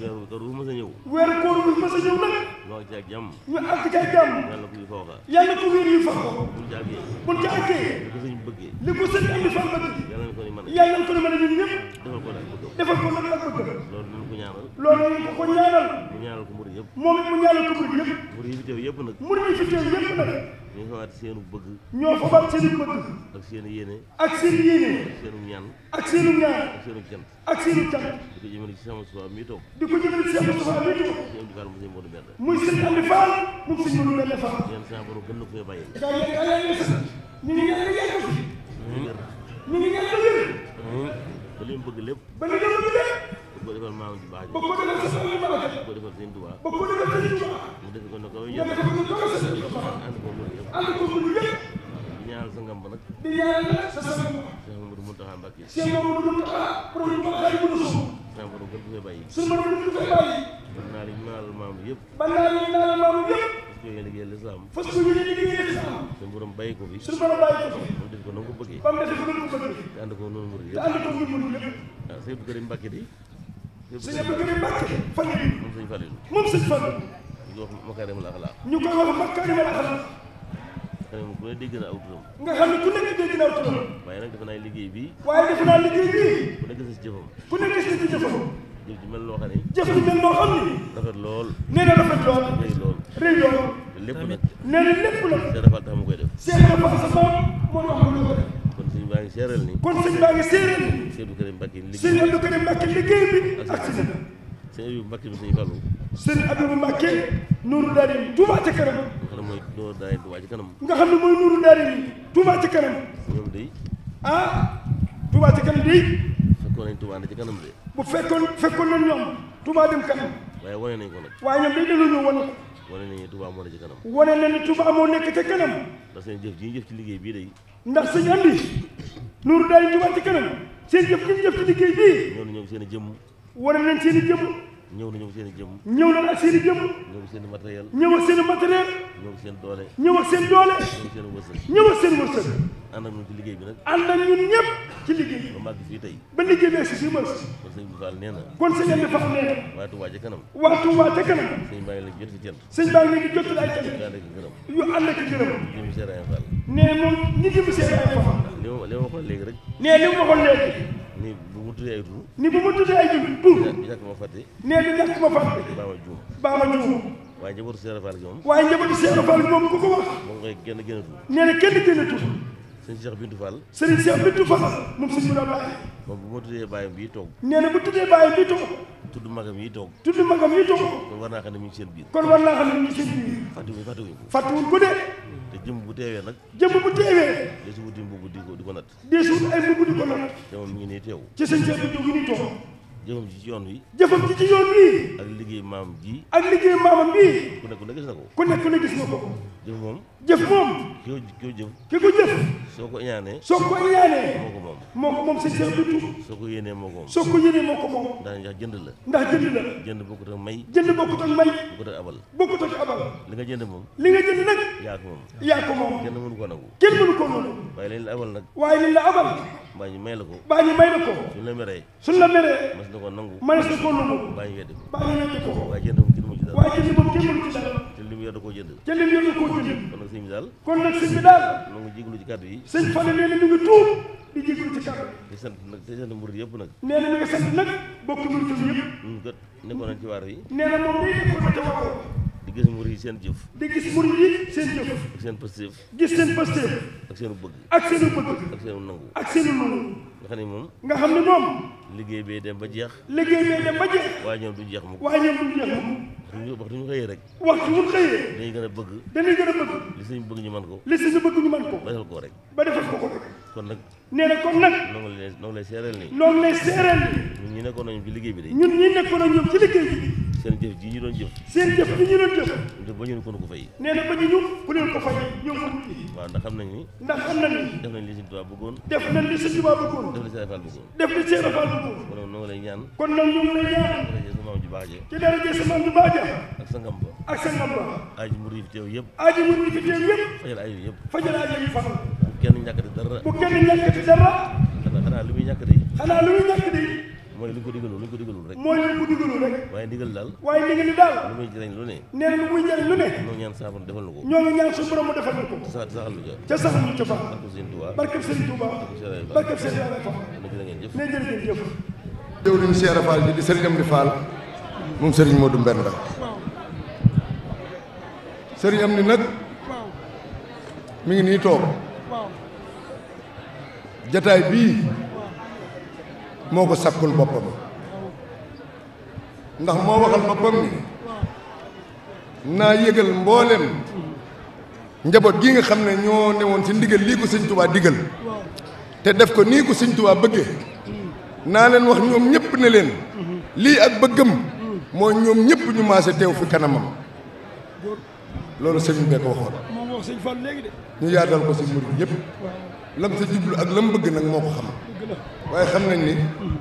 Speaker 2: weeru koor wu mës a ñëw weeru
Speaker 3: koor wu mës a ñëw nag ñu àgg ci ak jàmm ñu àgg ci ak jàmm yàlla ko yu fooxa
Speaker 1: yàlla ko wéer yu fooxa
Speaker 3: buñ ci àggee buñ ci àggee li ko sëñ bëggee li ko sëñ andi fan bëgg yàlla ko ni mën a yàlla ko ni mën a ñun ñëpp defal ko nag bëgg defal ko nag ak bëgg ñaanal loolu ñu ko ñaanal mu ñaanal ko murid yëpp moom it mu ñaanal ko murid yëpp murid yi fi teew yëpp nag murid yi fi teew yëpp nag ñu fawaat seenu bëgg ñoo fawaat seenu bëgg ak seen yéene ak seen yéene ak seenu ñaan ak seenu ñaan ak seenu cant ak seenu cant di ko jëmale ci sama suba mi toog di ko jëmale ci sama suba mi toog sëñ Amdi Fall mu sëñ Modou Mbène muy sëñ Amdi Fall mu sëñ Modou Mbène Fall yéen sa borom gën na ko bàyyi ñu ngi ñaan yàlla ko ñu
Speaker 1: ngi ñaan yàlla
Speaker 3: ko li mu bëgg lépp ba li mu bëgg lépp bu ko defal maam ju baax ji bu ko defal sëñ Tuubaa bu ko defal sëñ Tuubaa mu def ko na ko yëpp ànd ko mu yëpp ànd ko mu yëpp di ñaanal sa ngam ba nag di ñaanal sa sa ngam Cheikh Mamadou Mountakha Mbacké Cheikh Mamadou Mountakha problème ko xay mënu suuf sa borom gën fee bàyyi
Speaker 1: suñu borom gën fee bàyyi ban
Speaker 3: naa li ñaanal maam yëpp ban naa li ñaanal maam yëpp fas yéene liggéeyal lislaam fas yéene liggéeyal lislaam suñu borom bàyyi ko fi suñu borom bàyyi ko fi mu def ko na mu ko bëggee ba mu def ko na mu ko bëggee te ànd ko noonu mu yëpp te ànd ko noonu mu yëpp waaw Sëñ Abdou Karim Mbacké di sëñ Abdou Karim Mbacke fan la moom sëñ Fallou moom sëñ Fallou ñu koy wax makaarimul axlaaq ñu koy wax makaarimul axlaaq nga xam ne ku ne dégg na aw turam
Speaker 1: nga xam ne ku nekk dégg na
Speaker 3: aw turam waaye nag defe naa liggéey bii waaye defe naa liggéey bii ku nekk gis jëfam ku nekk gis ci jëfam jëf ji mel noo xam ne jëf ji mel noo xam ne rafet lool nee na rafet lool rëy lool rëy lool lépp nag nee na lépp nag seera fal tax mu koy def seera fal sa moom moo wax mu ko def baa ngi seeral ni kon sëñ baa ngi seeral ni sëñ Abdou Karim Mbacke liggéey sëñ Abdou Karim Mbacke liggéey bi ak si na sëñ Abdou Mbacke bi sëñ Fallou sëñ Abdou Mbacke
Speaker 1: Nourou Darayni Touba
Speaker 3: ca kanam nga xam ne mooy Nourou Darayni Touba ca kanam nga xam ne mooy Nourou Darayni Touba ca kanam ñoom day ah
Speaker 1: Touba ca kanam day
Speaker 3: fekkoon nañ Touba ca kanam de
Speaker 1: bu fekkoon fekkoon nañ ñoom Touba dem kanam
Speaker 3: waaye wane nañ ko nag waaye
Speaker 1: ñoom day delloo ñu wan ko
Speaker 3: wane nañu Touba moo nekk ca kanam wane nañu Touba moo ca kanam ndax seen jëf ji ñu jëf ci liggéey bii day ndax sëñ
Speaker 1: andi nuuru daay Touba ci kanam seen jëf ji ñu jëf ci liggéey bii
Speaker 3: ñëw na ñoom seen i jëmm
Speaker 1: wane nañ seen i jëmm
Speaker 3: ñëw na ñoom seen jëmm ñëw na ak seen i jëmm ñëw seen i matériel ñëw ak seen ñëw seen doole ñëw ak seen doole ñëw ak seen wërsëg ànd ak ci liggéey bi nag ànd ak ñun ci liggéey bi ba màgg fii tey ba liggéey bi si si mës kon sëñ bi Fall nee na kon sëñ bi Fall nee na waa Touba ca baa ngi léegi baa ma li rek nee
Speaker 1: li ma waxoon léegi
Speaker 3: waaye njabootu Cheikh Ibra Fall gi moom waaye njabootu Cheikh Ibra Fall gi moom ku ko wax moom ngay kenn génnatul nee na kenn génnatul sëñ Cheikh Bintou Fall sëriñ Cheikh Bintou Fall moom sëñ bu daal moom bu ma tuddee bàyyam bii toog nee na bu
Speaker 1: tuddee bàyyam bii toog
Speaker 3: tudd magam yi toog tudd magam yi toog kon war naa xam ne mi ngi seen biir kon war naa xam ne mi ngi seen ko de te jëmm bu teewee nag jëmm bu teewee deesu wuti mbubb di ko di ko nat deesu wut ay mbubb jëfam ji ci yoon wi. jëfam ji ci yoon wi. ak liggéey maam ji. ak liggéey maamam bi. ku nekk ku ne gis ko. ne ko. jëf moom. jëf moom. ki ko ki ko jëf. ki ko jëf. soo ko ñaanee. soo ko ñaanee. moo ko moom. moo ko moom sa jëf bi tuut. soo ko yéenee moo ko moom. soo ko yéenee moo ko moom. ndax jënd la. ndax jënd la. jënd bokkut ak may. jënd bokkut ak may. bokkut ak abal. bokkut ak abal. li nga jënd moom. li nga jënd nag. yaa ko moom. yaa ko moom. kenn mënu ko nangu. kenn mënu
Speaker 1: ko
Speaker 3: mbaa may la ko mbaa ñu may la ko suñ la meree suñ la meree mas na ko nangu mas na ko nangu mbaa ñu weddi ko mbaa ñu ko waaye waaye jënd moom kenn mu yor da koo jënd te mu yor da koo jënd kon nag sëñ bi daal kon nag sëñ mi daal nangu jéglu ci kàddu yi sëñ Fallou nee na ñu
Speaker 1: ngi tuub di jéglu
Speaker 3: nag di yëpp nag nee na mi yëpp ñun ci waar yi nee na moom day nekkoon ci waar di gis murid yi seen jëf di gis murid yi seen jëf ak seen pëstéef gis seen pëstéef ak seenu bëgg ak seenu bëgg ak seenu nangu ak seenu nangu nga xam ne moom liggéey bee dem ba jeex liggéey bee dem ba jeex waaye ñoom du jeex mukk waaye ñoom du ñu xëyee rek waxtu ñu xëyee dañuy gën a bëgg dañuy gën a bëgg li suñu bëgg ñu man ko li suñu bëgg ñu man ko ba defal ko rek ba defal ko ko kon nag nee na kon nag. noonu lay noonu lay seeral nii. noonu lay seeral nii. ñun ñi nekkoon nañu ci liggéey bi de. ñun ñi nekkoon nañu ci liggéey bi. seen jëf ji ñu doon jëf. seen jëf ji ñu doon jëf. te ba ñu ko ko fay. nee na
Speaker 1: ba ñu ñu ku leen ko fay ñoom ko waaw ndax xam nañ ni. ndax xam nañ ni. def nañ li Sëriñ Tuubaa bëggoon. def nañ li Sëriñ Tuubaa bëggoon. def li Sëriñ Faal bëggoon. def li Sëriñ Faal bëggoon. kon nag ñoo ngi lay ñaan. kon nag ñoo
Speaker 3: ngi lay ñaan. ci maam ju baax ja. ci daraja sa maam ju baax ja. ak sa ngam ba. ak sa ngam ba. aaji murid yi fi teew yëpp. aaji murid yi fi teew yëpp. fajal aajo yëpp. fajal aajo yi fa kenn ñàkkati dara. bu kenn ñàkkati dara. xanaa lu muy ñàkkati. xanaa lu muy ñàkkati. mooy lu ñu ko digalul lu ñu ko digalul rek. mooy lu ñu ko digalul rek. waaye ndigal daal. waaye ndigal li daal. lu muy jëriñ lu ne. nee na lu muy jëriñ lu ne. ñoo ñaan sa borom defal na ko. ñoo ñaan su borom mu defal na ko. ca sax saxal lu ca. ca saxal lu ca fa. barkeb Sëriñ Tuubaa. barkeb Sëriñ Tuubaa. barkeb Sëriñ Tuubaa. nee jërëjëf. jëwriñ Cheikh Fall bi
Speaker 4: di Sëriñ Amdi Fall moom Sëriñ Modou Mbenda Sëriñ Amdi nag mi ngi nii toog jataay bii moo ko sakkul boppam ndax moo waxal boppam ni naa yëgal mboolem njaboot gi nga xam ne ñoo newoon ci ndigal lii ko sëñ Tuubaa digal te def ko nii ko sëñ Tuubaa bëgge naa leen wax ñoom ñëpp ne leen lii ak bëggam mooy ñoom ñëpp ñu maase teew fi kanamam loolu sëñ bee ko waxoon
Speaker 1: wax sëñ Fall léegi de.
Speaker 4: ñu yaatal ko si murid yëpp. lam sa jublu ak lam bëgg nag moo ko xam. waaye xam nañ ni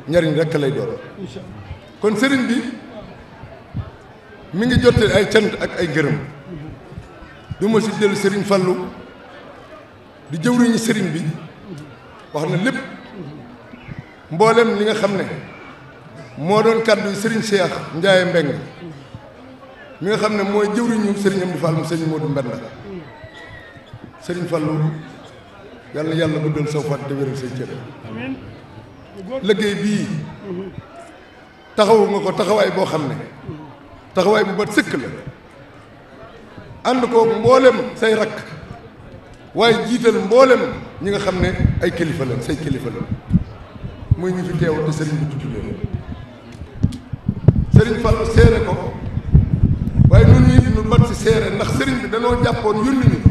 Speaker 4: njariñ rekk lay doon. kon sëriñ bi mi ngi jottali ay cant ak ay gërëm. du ma si dellu sëriñ Fallu di jëwriñu sëriñ bi wax na lépp mboolem li nga xam ne moo doon kàddu sëriñ Cheikh Ndiaye Mbeng mi nga xam ne mooy jëwriñu sëriñam di Fall mu sëriñ Modou Mbenda sëriñ Fallou yàlla na yàlla guddal saw fan te wéral say cër liggéey bii taxawu nga ko taxawaay boo xam ne taxawaay bu mat sëkk la ànd ko mboolem say rakk waaye jiital mboolem ñi nga xam ne ay kilifa la say kilifa la muy ñu fi teew te sëriñ bi tudd leen sëriñ Fallou seere ko waaye nun ñi nu mat si seere ndax sëriñ bi danoo jàppoon yónni ñu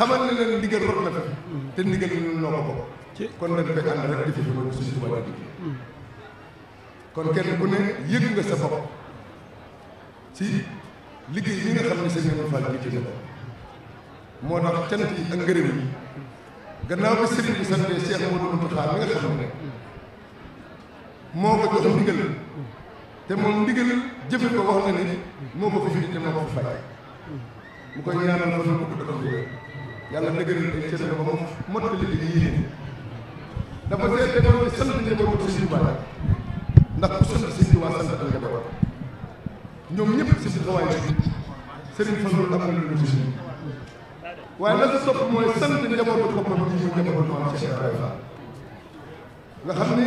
Speaker 4: xamal na leen ndigal rot na fi te ndigal ñun noo ko kon dañ koy ànd rek di hmm. kon kenn ku ne yëg nga sa bopp ci liggéey na ko moo tax cant yi ak ngërëm yi gannaaw bi sëriñ bi sante Cheikh Modou Mountakha mi nga xam ne moo ko jox ndigal te moom ndigal jëfe ko wax na ni moo ko fi te moo ko fay mu koy ñaanal fa nu ko dëkk yàlla dëgëral ay cër ba mu mottali li yéene
Speaker 2: dafa seet dañoo di sant
Speaker 4: njabootu Sëñ Tuubaa sant Sëñ Tuubaa sant njaboot ñoom ñëpp si taxawaay bi sëriñ Fallu am na lu ñu si
Speaker 2: waaye la si topp mooy sant njabootu boppam ji muy njabootu Maam Cheikh
Speaker 4: xam ne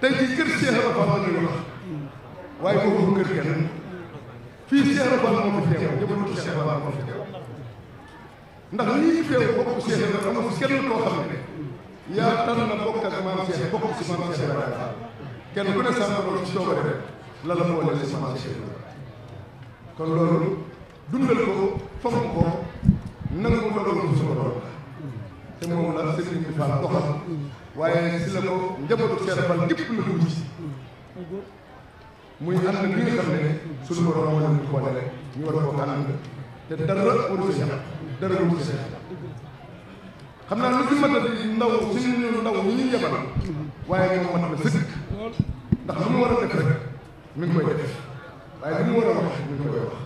Speaker 4: tey jii kër Cheikh Ibrahima Fall la ñuy wax waaye boobu kër kenn fii Cheikh Ibrahima Fall moo fi teew ndax lii teew bokku Cheikh Ibrahima amul kenn koo xam ne yaa tànn na bokk ak maam Cheikh si maam Cheikh Ibrahima si soobare rek la la boole si maam Cheikh Ibrahima kon loolu dundal ko fonk ko nangu ko dogal suñu borom te moom la sëriñ bi Fall doxal waaye si la ko njabootu Cheikh Fall gépp la ko wuj si muy ànd bi nga xam ne suñu borom wala ñu boole rek ñu war koo ànd te dara waru si yàq dara lu mu xam naa lu ci mën a ndaw suñu ndaw ñu ñu yebal waaye moom mat na sëkk ndax mu war a def rek mi ngi koy def waaye lu mu war a wax mi ngi koy wax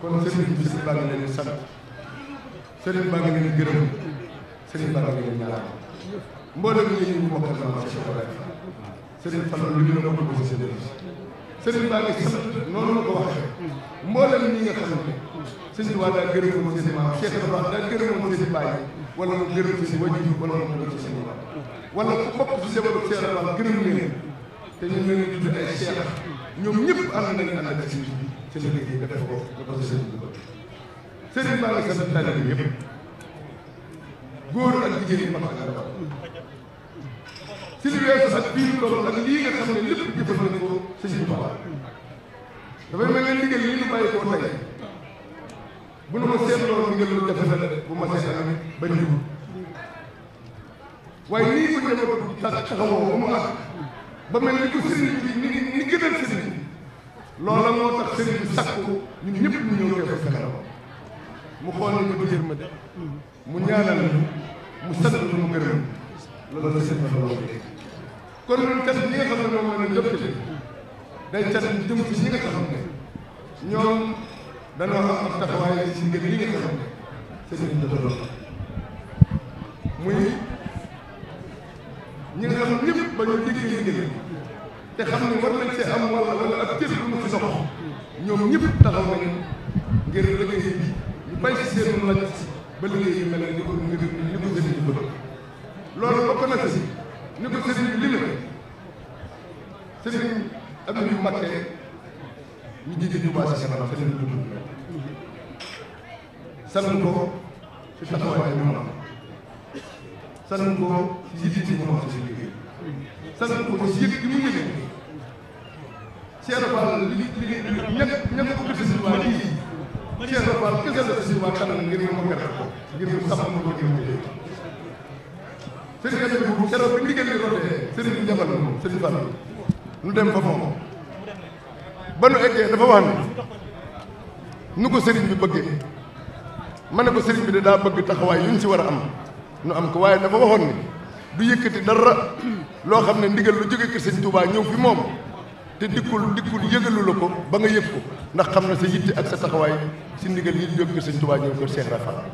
Speaker 4: kon sëriñ bi sëriñ baa ngi leen di sant sëriñ baa baa ngi leen ñu bokkal na ma Cheikh Ibrahima la ko bëgg sëriñ
Speaker 2: sëriñ baa ngi la ko
Speaker 4: waxee mboolem ñi nga xamante sëñ bi waa daa gërëm moom seen maam Cheikh Ibrahima daa gërëm moom seen baay wala mu gërëm seen wajur wala mu gërëm seen maam wala ku bokk ci seen wàllu Cheikh Ibrahima gërëm leen te ñu ngi leen tudd ay cheikh ñoom ñëpp ànd nañu ànd ak sëñ bi ci la liggéey def ko dafa sëñ bi sëriñ baa ngi sant taalibe bi yëpp góor ak jigéen yi mag ak ndaw si li weesu ak biir loolu ak lii nga xam ne lépp jëfal nañ ko sëñ bi dafay mel ne ndigal lii nu bàyyi koo tey bu nu ma seetloo ndigal lu jafe la bu ma seet amit ba ndigu waaye nii bu demee ba taxawoo ba mu àgg ba mel ni ko sëriñ bi ni ni gënal sëriñ bi loola moo tax sëriñ bi sakku ñun ñëpp ñu ñëw teew sa kanam mu xool ni ñu jër ma de mu ñaanal ñu mu sant ñu mu gërëm loolu la sëriñ bi kon ñun kat li nga xam ne moom la day cat jëm ci ñi nga xam ne ñoom dañoo am ab taxawaay ci ngëm yi nga ne sëriñ bi dafa muy ñi nga xam ñëpp ba ñu diggee ngëm te xam ne war nañ see am wala wala ab cër lu mu ci dox ñoom ñëpp taxaw nañu ngir liggéey bi ñu bay ci seen laaj ba liggéey bi mel ni ko ngir ni ko sëriñ bi loolu bokk na am na ñu màggee ñu jiite ñu waa si kanam te leen dund sant ko ci taxawaay bi mu am
Speaker 2: sant ko ci jiite ñu wax si liggéey
Speaker 4: sant ko ci yëg gi mu yëgee Cheikh Fall li liggéey ñëpp ñëpp ko gis si waa lii Cheikh Fall kese la si waa kanam ngir mu gëral ko ngir mu sàmm ko ngir mu dee sëriñ bi bu keroog bi ndigal li rotee sëriñ bi jabal moom sëriñ Fall nu dem fa moom ba nu eggee dafa wax ni nu ko sëriñ bi bëggee ma ne ko sëriñ bi de daa bëgg taxawaay ñu ci war a am nu am ko waaye dafa waxoon ni du yëkkati dara loo xam ne ndigal lu jóge kër sëñ Tuubaa ñëw fi moom te dikkul dikkul yëgalu la ko ba nga yëg ko ndax xam na sa yitte ak sa taxawaay si ndigal yi jóge kër sëñ Tuubaa ñëw kër Cheikh Rafa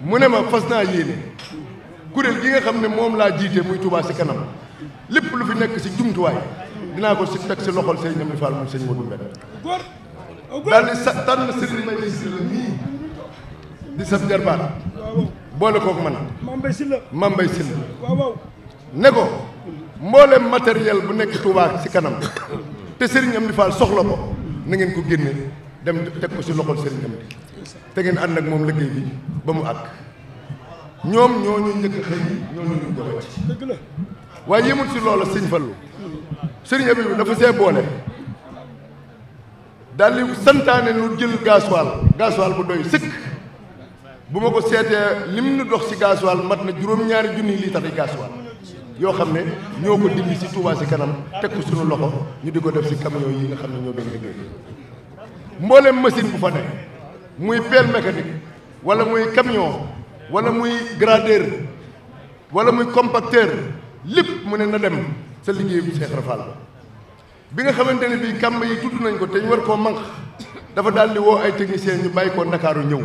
Speaker 4: mu ne ma fas naa yéene kuréel gi nga xam ne moom laa jiite muy Tuubaa si kanam lépp lu fi nekk si jumtuwaay dinaa ko si teg si loxol sëñ Amdi Fall moom sëñ Modou Mbène daal sa tànn sëriñ di sa boole kook man Mame Mbaye Sylla Mame Mbaye Sylla ne ko bu nekk Touba si kanam te sëriñ Amdi soxla ko na ngeen ko génne dem teg ko si loxol sëriñ Amdi te ngeen ànd ak moom liggéey bi ba mu àgg ñoom ñoo ñu njëkk xëy ñoo ñu ñu ci waaye yëmul si loolu sëñ Fallu sëriñ Abibu dafa see boole daal di santaane nu jël gasoil gasoil bu doy sëkk bu ma ko seetee lim nu dox si gasoil mat na juróom-ñaari junni litre yi gasoil yoo xam ne ñoo ko dindi si Touba si kanam teg ko suñu loxo ñu di ko def si camion yi nga xam ne ñoo doon liggéey mbooleem machine bu fa ne muy pelle mécanique wala muy camion wala muy gradeur wala muy compacteur lépp mu ne na dem sa liggéey bu Cheikh Rafal bi nga xamante ne bii kàmb yi tudd nañ ko te ñu war koo manq dafa daal di woo ay techniciens ñu bàyyi ko Ndakaaru ñëw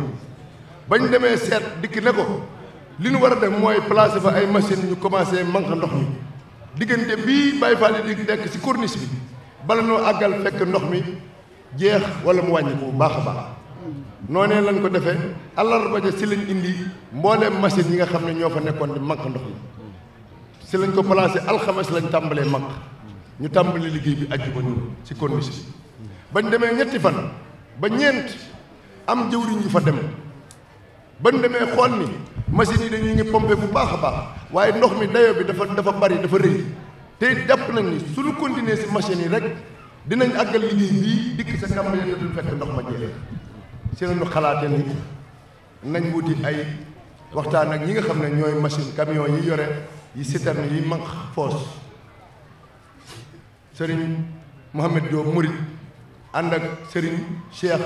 Speaker 4: bañ demee seet dikk ne ko li nu war a def mooy placer fa ay machine ñu commencé manq ndox mi diggante bii Baye Fall di nekk si corniche bi bala noo àggal fekk ndox mi jeex wala mu wàññi ko bu baax a baax noonee lañ ko defee àllarba ja si lañ indi mbooleem machine yi nga xam ne ñoo fa nekkoon di manq ndox mi si lañ ko placé alxames lañ tàmbalee mag ñu tàmbalee liggéey bi ajjuma ñu si corniche bi bañ demee ñetti fan ba ñeent am jëwriñ yu fa dem bañ demee xool ni machine yi dañuy ngi pompé bu baax a baax waaye ndox mi dayo bi dafa dafa bari dafa rëy te jàpp nañ ni suñu continuer si machine yi rek dinañ àggal liggéey bii dikk sa kàmb yi duñ fekk ndox ma jeexee si lañu xalaate ni nañ wuti ay waxtaan ak ñi nga xam ne ñooy machine camion yi yore yi citerne yi manq foos sëriñ Mouhamed Diop Mouride ànd ak sëriñ Cheikh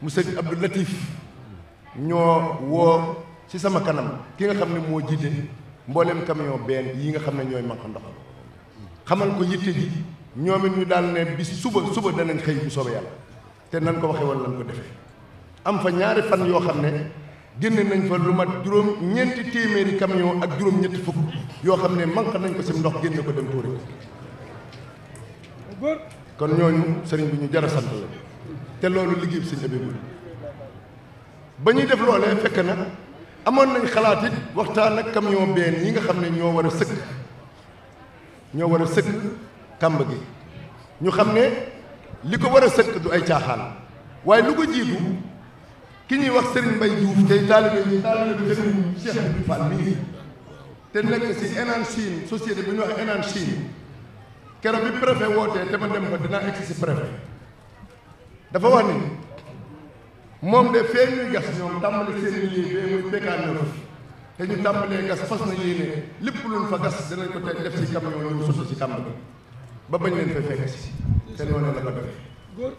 Speaker 4: mu sëriñ Abdou Latif ñoo woo ci sama kanam ki nga xam ne moo jiite mbooleem camion benn yi nga xam ne ñooy manq ndox xamal ko yitte ji ñoom it ñu daal ne bis suba suba danañ xëy bu soobee yàlla te nan ko waxee wala nan ko defe am fa ñaari fan yoo xam ne génn nañ fa lu mat juróom ñeenti téeméeri camion ak juróom ñetti fukk yoo xam ne manqué nañ ko si ndox génn ko dem tuuri kon ñooñu sëriñ bi ñu jar a sant la te loolu liggéey bi sëñ Abibu ba ñuy def loolee fekk na amoon nañ xalaat it waxtaan ak camion benn yi nga xam ne ñoo war a sëkk ñoo war a sëkk kàmb gi ñu xam ne li ko war a sëkk du ay caaxaan waaye lu ko jiitu ki ñuy wax sëriñ Mbay Juuf tey taalibe yi taalibe bi sëriñ Cheikh Fall mii te nekk si Enan Chine société bu ñuy wax Enan Chine keroog bi préfet wootee te ma dem ko dinaa egg si préfet dafa wax ni moom de fee ñuy gas ñoom tàmbali seen liggéey muy békaan na te ñu tàmbalee gas fas na yéene lépp luñ fa gas dinañ ko teg def si camion ñu sotti si kàmb bi ba bañ leen fa fekk si te noonu la ko defee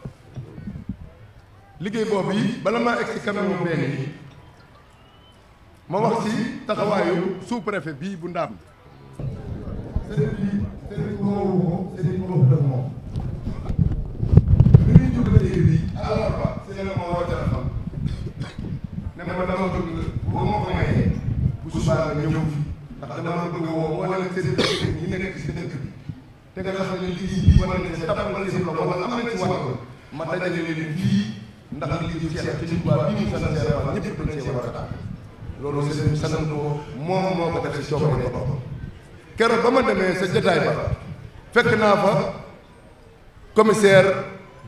Speaker 4: liggéey boobu yi bala maa egg si camion benn yi ma wax ci taxawaayu sous préfet bii bu ndaam sëriñ bi sëriñ bi moo woo sëriñ bi moo def moom bi ñuy jóg léegi bi àllarba sëriñ ma woo téléphone ne ma dama bu subaa ci dëkk bi a tàmbali loolu sëriñ sanam ko moom moo ko def si coobare boppam keroog ma demee sa jotaay naa fa commissaire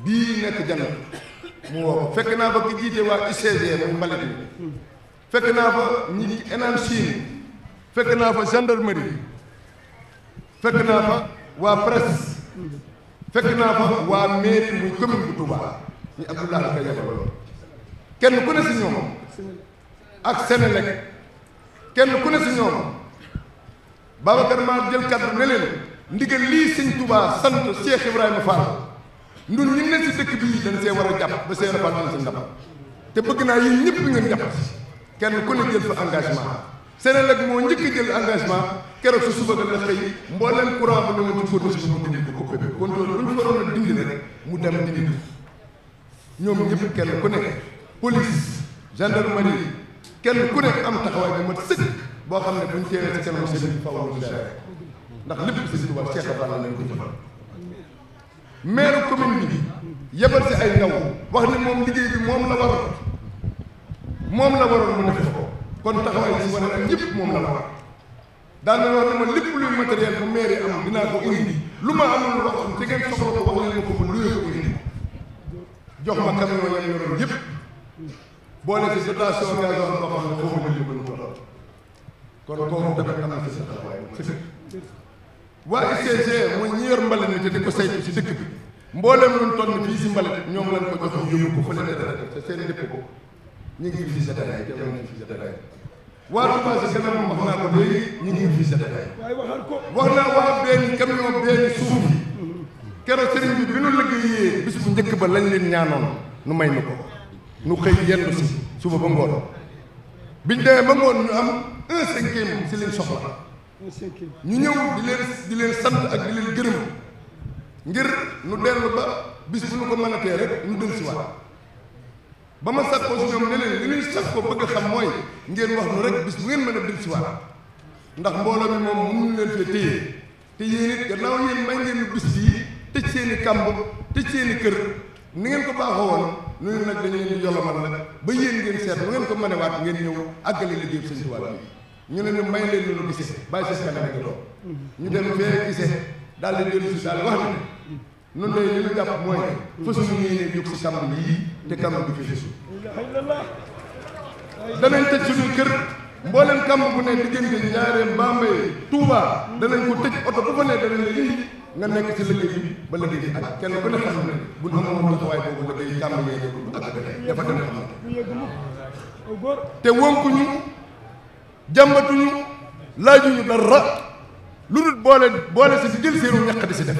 Speaker 4: bii nekk jana mu woo fekk naa fa ki jiite waa UCG muy naa fa
Speaker 2: kenn ku ne si ñoom
Speaker 4: ak Senelec kenn ku ne si ñoom Babacar maa jël kàddu ne leen lii sëñ Touba sant Cheikh Ibrahima Fall ñun ñu ne si dëkk bii dañ see war a jàpp ba seen a Fall am si ndam te bëgg naa yéen ñëpp ngeen jàpp kenn ku ne jël fa engagement. Senelec moo njëkk jël engagement keroog su suba dana xëy mbooleem courant bi ne ma ci foto si mu dindi ko coupé kon loolu lu ñu waroon dindi rek mu dem dindi ñoom ñëpp kenn ku nekk police gendarmerie kenn ku nekk am taxawaay bu mat sëkk boo xam ne buñ teewee ci
Speaker 2: seen monsieur bi faw ñu daare
Speaker 4: ndax lépp Sëriñ Tuubaa Cheikh Abdallah lañ ko jëfal maire commune bi yebal si ay ndaw wax ne moom liggéey bi moom la waroon moom la waroon mu def ko kon taxawaay si war a ñëpp moom la war daan na wax ne ma lépp luy matériel bu lu ma amul loo xam te ngeen soxla ko wax leen ko bu luyee ko jox ma camion yam yoroon yëpp boole ci dotation gazon boo ko sa taxawaay bu sëkk ko saytu ci dëkk bi mboolem lu ñu tonn fii si mbalit ñoom lañ ko jox ñu yóbbu ko fa leen dara te seen dëkk ko ñu ngi fii sa daraay ñu sa waa Touba wax naa ko léegi ñu ngi fii sa daraay wax naa wax benn camion benn bi bi nu liggéeyee bis bu njëkk ba lañ leen ñaanoon nu may nu ko nu xëy yendu si suba ba ngoon biñ demee ba ngoon ñu am un cinquième ci leen soxla ñu ñëw di leen di leen sant ak di leen gërëm ngir nu dellu ba bis bu nu ko mënatee rek nu dellu si waat ba ma sàkkoo si ñoom ne leen li ñuy sàkkoo bëgg a xam mooy ngeen wax nu rek bis bu ngeen mën a dellu si waat ndax mbooloo mi moom mënuñu leen fee téye te yéen it gannaaw yéen may ngeen bis bii tëj seeni i kàmb tëj seen kër ni ngeen ko baaxoo woon ñun nag dañ leen di yolomal nag ba yéen ngeen seet lu ngeen ko mënewaat ngeen ñëw àggale liggéey bi sëñ Tuubaa ñu ne ñu may leen loolu gisee bàyyi sa kanam ak ñu dem fee gisee daal di dellu si daal wax ne ñun de li ñu jàpp mooy fasuñu yéene jóg si kàmb yii te kàmb bi fi fisu
Speaker 1: danañ tëj suñu kër
Speaker 4: mboolem kàmb bu ne diggante Njaaréem Bambey Touba danañ ko tëj oto bu fa ne danañ la indi nga nekk ci liggéey bi ba liggéey bi ak kenn ku ne xam ne bu ñu amoon taxawaay boobu la day tàmbalee ak dafa dem xam te wonkuñu jàmbatuñu laajuñu dara lu dul boole boole si di jël seenu ñaq si def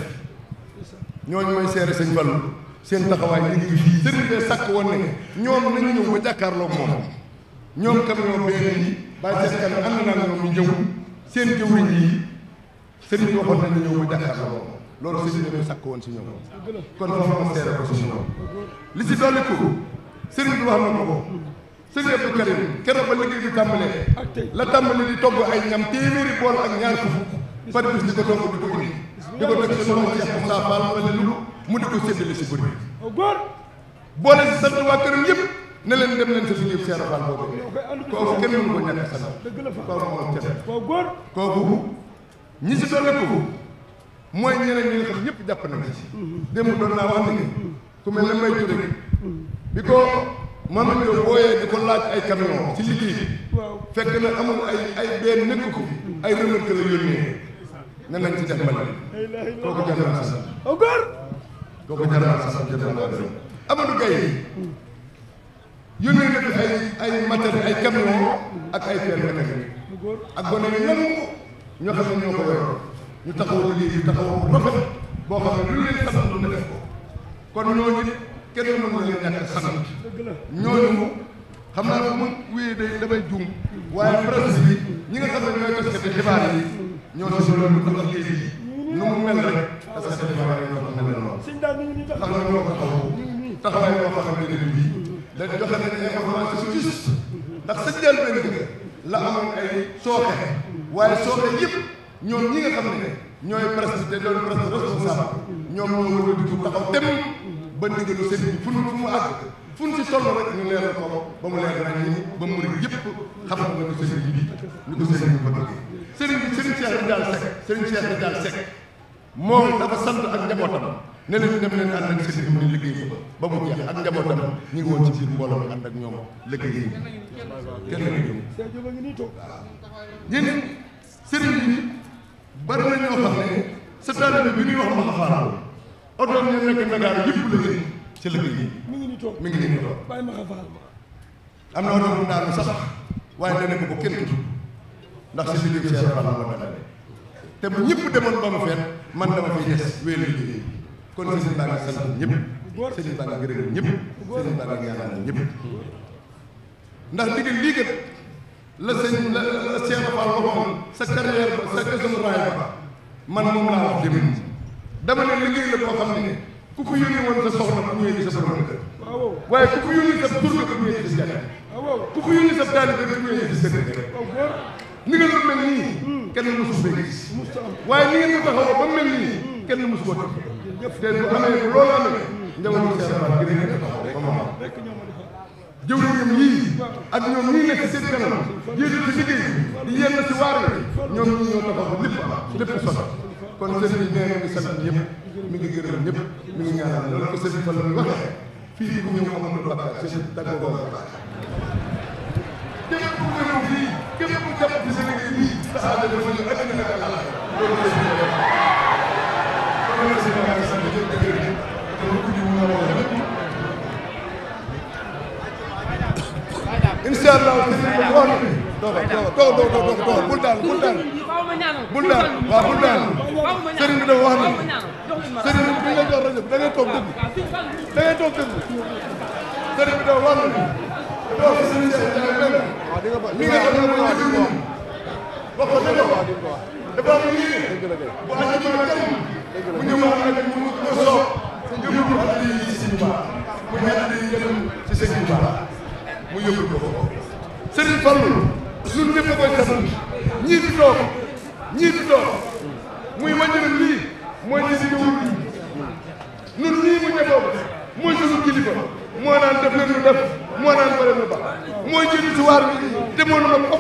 Speaker 4: ñooñu mooy seere sëñ Fallu seen taxawaay liggéey fii sëriñ bee sàkk woon ne ñoom nañu ñëw ba jàkkaarloog moom ñoom camion bee nii bàyyi seen kanam ànd naa ñoom ñu jëw seen jëwriñ yi sëriñ bi waxoon nañu ñëw mu jàkkaarloo moom loolu sëriñ bi sàkk woon si ñoom kon foofu ma seere ko si ñoom li si dolliku sëriñ bi wax na ko ko sëriñ Abdou Karim keroog ba liggéey bi tàmbalee la tàmbali di togg ay ñam téeméeri bool ak ñaar ko fukk par bis di ko togg di ko indi di lu mu di ko séddale si bëri boole si sant waa këram yëpp ne leen dem leen sa liggéey Cheikh Fall boobu kooku kenn ko ñàkk ñi si dolliku mooy ñeneen ñi nga xam ñëpp jàpp na si. démb doon naa wax ni ku mel may Touré bi ko man ñu wooyee di ko laaj ay camion ci liggéey bi fekk na amul ay benn nekk ko ay remarque la yónnee ne nañ ci def mbali kooku jar naa sasam kooku yónnee na ay ay ay camion ak ay pelle mécanique
Speaker 2: ak gone yi
Speaker 4: ñoo xam ne ñoo ko yoroon ñu taxawoo liggéey ñu taxawoo rafet boo xam ne lu leen sant na def ko kon ñooñu kenn mënu leen ñàkk sant ñooñu xam naa bu ma wéyee day damay juum waaye presse bi ñi nga xam ne ñooy taskati xibaar yi ñoo si loolu tax liggéey bi nu mu mel rek taskati xibaar yi ñoo ko mel noonu xam na ñoo ko taxaw taxawaay boo xam ne dëgg bii dañ joxe nañ information juste ndax sa jël benn la amoon ay sooxe waaye soxla yëpp ñoom ñi nga xam ne ñooy presse te doon presse responsable ñoom ñoo war a dugg taxaw dem ba ndigalu sëriñ bi fu mu fu mu àgg fu mu ci toll rek ñu leeral ko ba mu leer nañ ñi ba murid yëpp xam nga ko sëriñ bi bi ñu ko sëriñ bi ak njabootam ne leen dem leen ànd ak sëriñ bi ñu liggéey ba mu jeex ak njabootam ñu ngi woon ci biir mbooloo mi ànd ak ñoom liggéey kenn kenn sëriñ
Speaker 1: bi bari na xam ne
Speaker 4: sa taalibe bi ñuy wax ma xafaar oto ñu nekk Ndakaaru yëpp la ci la ngeen mi ngi nii toog am na oto bu daanu sax waaye dana ko ko kenn tudd ndax si liggéey Cheikh Fall la dale te bu ñëpp demoon ba mu feet man dama fay des wéelu liggéey kon sëriñ baa ñëpp sëriñ baa ngi gërëm ñëpp sëriñ baa ngi ñaanal ñëpp ndax digg lii kat la sëñ la Cheikh Fall waxoon sa carrière ba sa gëstu raay man moom laa wax jëmin dama ne liggéey la boo xam ne ku ko yónni woon sa soxna bu ñëwee di sa borom kër waaye ku ko yónni sa tur la bu ñëwee di sa jàkka ku ko yónni sa taalibe bu ñëwee di sa dëkk ni nga mel nii kenn mosu ko waaye ni ngeen ko taxawoo ba mel nii kenn mosu ko def te bu amee loolu amee njaboot Cheikh Fall gën a taxaw ba mu am jëwriñam yii ak ñoom ñii nekk seen kanam jiitu ci liggéey di yenn ci waar yi ñoom ñii ñoo taxaw lépp lépp solo kon sëriñ bi nee na ngi sant ñëpp mi ngi gërëm ñëpp mi ngi ñaanal loolu ko sëriñ Fall mi waxee fii bu ñëw amul bakkaar sëriñ dagg ko bakkaar képp ku ñëw fii képp ku jàpp ci sa liggéey bii a aada dafa ñu ëpp na ak àll loolu toogal toogal toogal toogal bul daal bul daal
Speaker 1: bul daal waaw bul daal sëriñ bi dafa wax na sëriñ bi dañ lay jox
Speaker 4: rajo da ngay toog dëgg da ngay toog dëgg sëriñ bi dafa wax na bi li nga xam ne mooy dëgg wax ko dëgg dafa am lii bu àjjuma mu ko soob si Touba mu mu yóbbu ko Sëriñ Fallou ñun ñëpp a koy defal ñii di ñii di muy ma njëriñ lii mooy ñi di wut ñun lii mu ñëwoon mooy suñu kilifa moo naan def lu def moo naan bëri lu baax mooy jiitu ci waar bi demoon na ko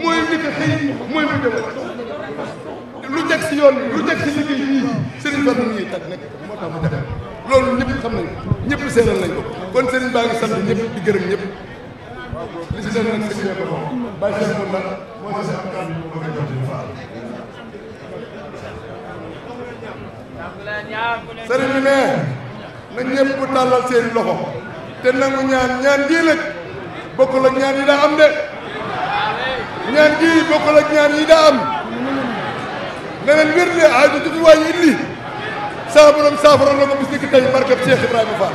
Speaker 4: mooy njëkk a xëy mooy mu jëm lu teg si yoon lu teg si liggéey yii Serigne Ba mu ngi tag nekk moo tax mu def loolu ñëpp xam nañu ñëpp seeral nañ ko kon Serigne baa ngi sant ñëpp di gërëm ñëpp. li ci des nag sëñ bi ko
Speaker 1: bàyyi seen mën nag
Speaker 3: moo ci am kàddu yu bëgg a jot di faal. sëriñ bi ne na ñëpp
Speaker 4: tàllal seen loxo te nangu ñaan ñaan jii nag bokkul ak ñaan yi daa am de ñaan jii bokkul ak ñaan yi daa am ne leen wér ne aaju jotuwaay yi indi saa borom saafara na ko bis ni ki tey barkab Cheikh Ibrahima Fall.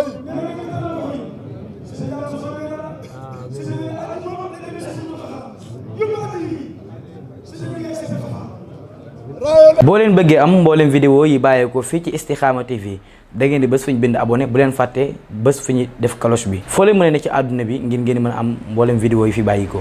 Speaker 2: boo leen bëggee am mbooleem vidéo yi
Speaker 1: bàyyeekoo fii ci Istikhama TV da ngeen di bés ñu bind abonné bu leen fàttee bés fu ñu def cloche bi foo leen mën a ne ci àdduna bi ngir ngeen mën a am mbooleem vidéo yi fi bàyyikoo